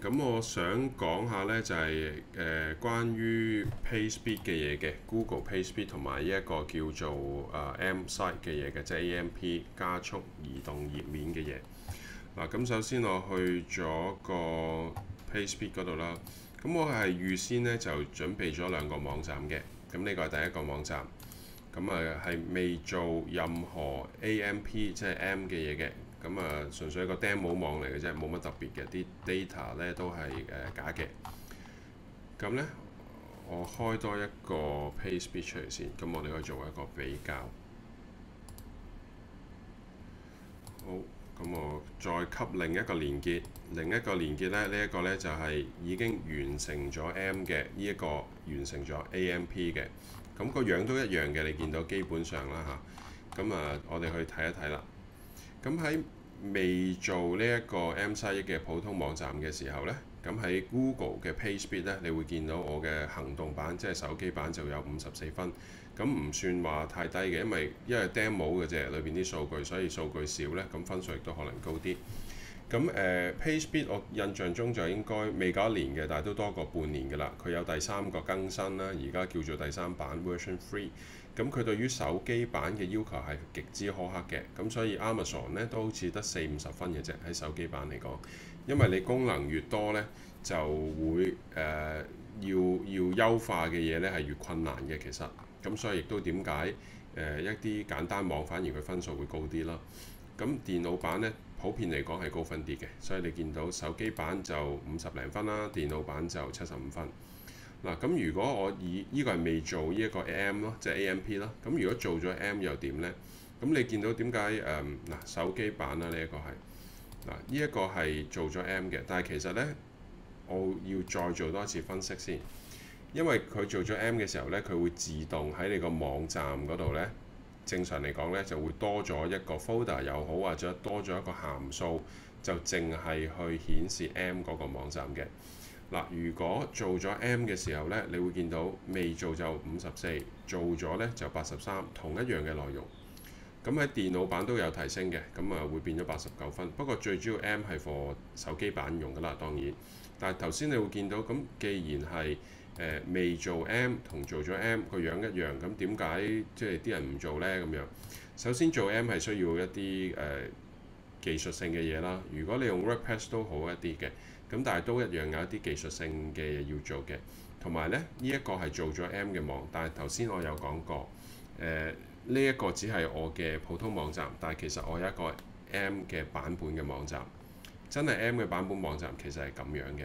咁我想講下呢，就係、是、誒、呃、關於 PageSpeed 嘅嘢嘅，Google PageSpeed 同埋呢一個叫做誒、呃、M Site 嘅嘢嘅，即係 AMP 加速移動頁面嘅嘢。嗱、啊，咁首先我去咗個 PageSpeed 嗰度啦。咁我係預先呢就準備咗兩個網站嘅。咁呢個係第一個網站。咁啊係未做任何 AMP 即係 M 嘅嘢嘅。咁啊，純粹一個 demo 網嚟嘅啫，冇乜特別嘅。啲 data 咧都係誒、呃、假嘅。咁咧，我開多一個 page e 出嚟先，咁我哋可以做一個比較。好，咁我再吸另一個連結，另一個連結咧，呢、這、一個咧就係已經完成咗 M 嘅呢一個完成咗 AMP 嘅。咁、那個樣都一樣嘅，你見到基本上啦吓，咁啊，我哋去睇一睇啦。咁喺未做呢一個 M3E 嘅普通網站嘅時候呢，咁喺 Google 嘅 PageSpeed 呢，你會見到我嘅行動版，即係手機版就有五十四分，咁唔算話太低嘅，因為因為 d a m 冇嘅啫，裏邊啲數據，所以數據少呢，咁分數亦都可能高啲。咁誒、呃、PageSpeed，我印象中就應該未夠一年嘅，但係都多過半年嘅啦。佢有第三個更新啦，而家叫做第三版 Version Three。咁佢對於手機版嘅要求係極之苛刻嘅，咁所以 Amazon 咧都好似得四五十分嘅啫，喺手機版嚟講。因為你功能越多咧，就會誒、呃、要要優化嘅嘢咧係越困難嘅其實。咁所以亦都點解誒一啲簡單網反而佢分數會高啲啦。咁電腦版咧。普遍嚟講係高分啲嘅，所以你見到手機版就五十零分啦，電腦版就七十五分。嗱，咁如果我以呢個係未做呢一個 M 咯，即係 AMP 咯，咁如果做咗 M 又點呢？咁你見到點解誒嗱手機版啦？呢一個係嗱呢一個係做咗 M 嘅，但係其實呢，我要再做多一次分析先，因為佢做咗 M 嘅時候呢，佢會自動喺你個網站嗰度呢。正常嚟講呢，就會多咗一個 folder 又好，或者多咗一個函數，就淨係去顯示 M 嗰個網站嘅。嗱，如果做咗 M 嘅時候呢，你會見到未做就五十四，做咗呢就八十三，同一樣嘅內容。咁喺電腦版都有提升嘅，咁啊會變咗八十九分。不過最主要 M 係 for 手機版用㗎啦，當然。但係頭先你會見到，咁既然係誒、呃、未做 M 同做咗 M 個樣一樣，咁點解即係啲人唔做呢？咁樣？首先做 M 係需要一啲誒、呃、技術性嘅嘢啦。如果你用 WordPress 都好一啲嘅，咁但係都一樣有一啲技術性嘅嘢要做嘅。同埋呢，呢、這、一個係做咗 M 嘅網，但係頭先我有講過誒。呃呢一個只係我嘅普通網站，但係其實我有一個 M 嘅版本嘅網站，真係 M 嘅版本網站其實係咁樣嘅。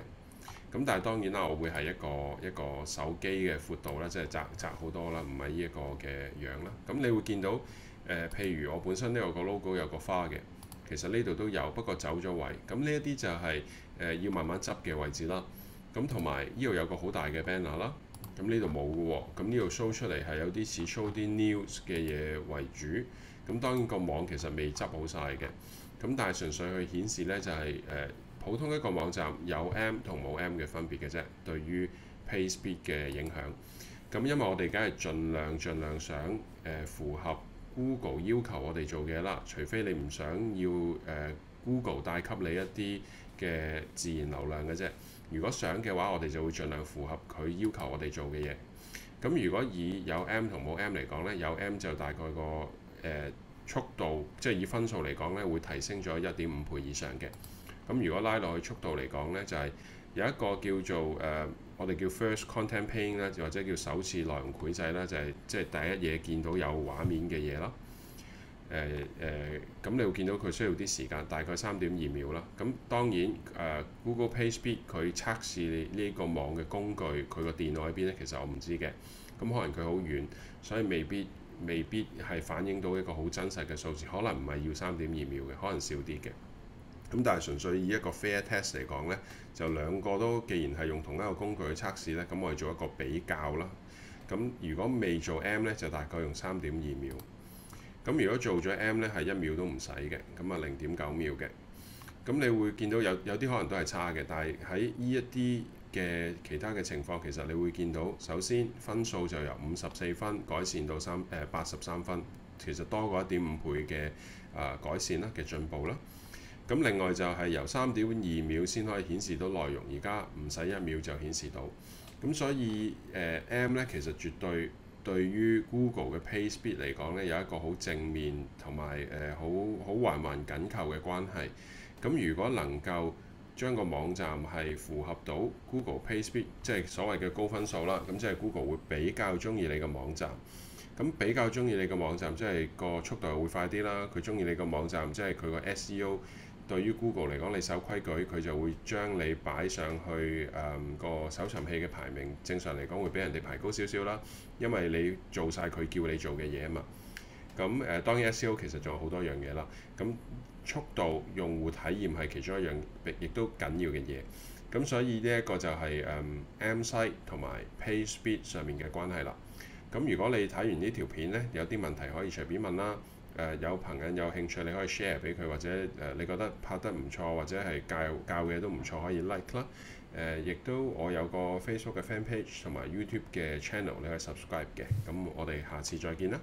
咁但係當然啦，我會係一個一個手機嘅闊度啦，即係窄窄好多啦，唔係呢一個嘅樣啦。咁你會見到、呃、譬如我本身呢個 logo 有個花嘅，其實呢度都有，不過走咗位。咁呢一啲就係、是、誒、呃、要慢慢執嘅位置啦。咁同埋呢度有，有個好大嘅 banner 啦。咁呢度冇嘅喎，咁呢度搜出嚟係有啲似搜啲 news 嘅嘢為主，咁當然個網其實未執好晒嘅，咁但係純粹去顯示呢、就係，就係誒普通一個網站有 M 同冇 M 嘅分別嘅啫，對於 PageSpeed 嘅影響。咁因為我哋梗係盡量盡量想、呃、符合 Google 要求我哋做嘢啦，除非你唔想要、呃、Google 帶給你一啲嘅自然流量嘅啫。如果想嘅話，我哋就會盡量符合佢要求我哋做嘅嘢。咁如果以有 M 同冇 M 嚟講呢，有 M 就大概個誒、呃、速度，即係以分數嚟講呢會提升咗一點五倍以上嘅。咁如果拉落去速度嚟講呢就係、是、有一個叫做誒、呃、我哋叫 First Content Paint 咧，或者叫首次內容繪製咧，就係即係第一嘢見到有畫面嘅嘢咯。誒誒，咁、呃呃、你會見到佢需要啲時間，大概三點二秒啦。咁當然誒、呃、Google Page Speed 佢測試你呢個網嘅工具，佢個電腦喺邊呢？其實我唔知嘅。咁可能佢好遠，所以未必未必係反映到一個好真實嘅數字，可能唔係要三點二秒嘅，可能少啲嘅。咁但係純粹以一個 fair test 嚟講呢，就兩個都既然係用同一個工具去測試呢，咁我哋做一個比較啦。咁如果未做 M 呢，就大概用三點二秒。咁如果做咗 M 咧，係一秒都唔使嘅，咁啊，零點九秒嘅。咁你會見到有有啲可能都係差嘅，但係喺呢一啲嘅其他嘅情況，其實你會見到首先分數就由五十四分改善到三誒八十三分，其實多過一點五倍嘅、呃、改善啦、嘅進步啦。咁另外就係由三點二秒先可以顯示到內容，而家唔使一秒就顯示到。咁所以誒、呃、M 咧其實絕對。對於 Google 嘅 PageSpeed 嚟講呢，有一個好正面同埋誒、好好環環緊扣嘅關係。咁如果能夠將個網站係符合到 Google PageSpeed，即係所謂嘅高分數啦，咁即係 Google 會比較中意你個網站。咁比較中意你個網站，即係個速度會快啲啦。佢中意你個網站，即係佢個 SEO。對於 Google 嚟講，你守規矩，佢就會將你擺上去誒、嗯、個搜尋器嘅排名。正常嚟講會比人哋排高少少啦，因為你做晒佢叫你做嘅嘢啊嘛。咁誒、呃，當然 SEO 其實仲有好多樣嘢啦。咁速度、用戶體驗係其中一樣亦都緊要嘅嘢。咁所以呢一個就係、是嗯、M Site 同埋 Page Speed 上面嘅關係啦。咁如果你睇完呢條片呢，有啲問題可以隨便問啦。誒、呃、有朋友有興趣，你可以 share 俾佢，或者誒、呃、你覺得拍得唔錯，或者係教教嘅都唔錯，可以 like 啦。誒、呃，亦都我有個 Facebook 嘅 fan page 同埋 YouTube 嘅 channel，你可以 subscribe 嘅。咁我哋下次再見啦。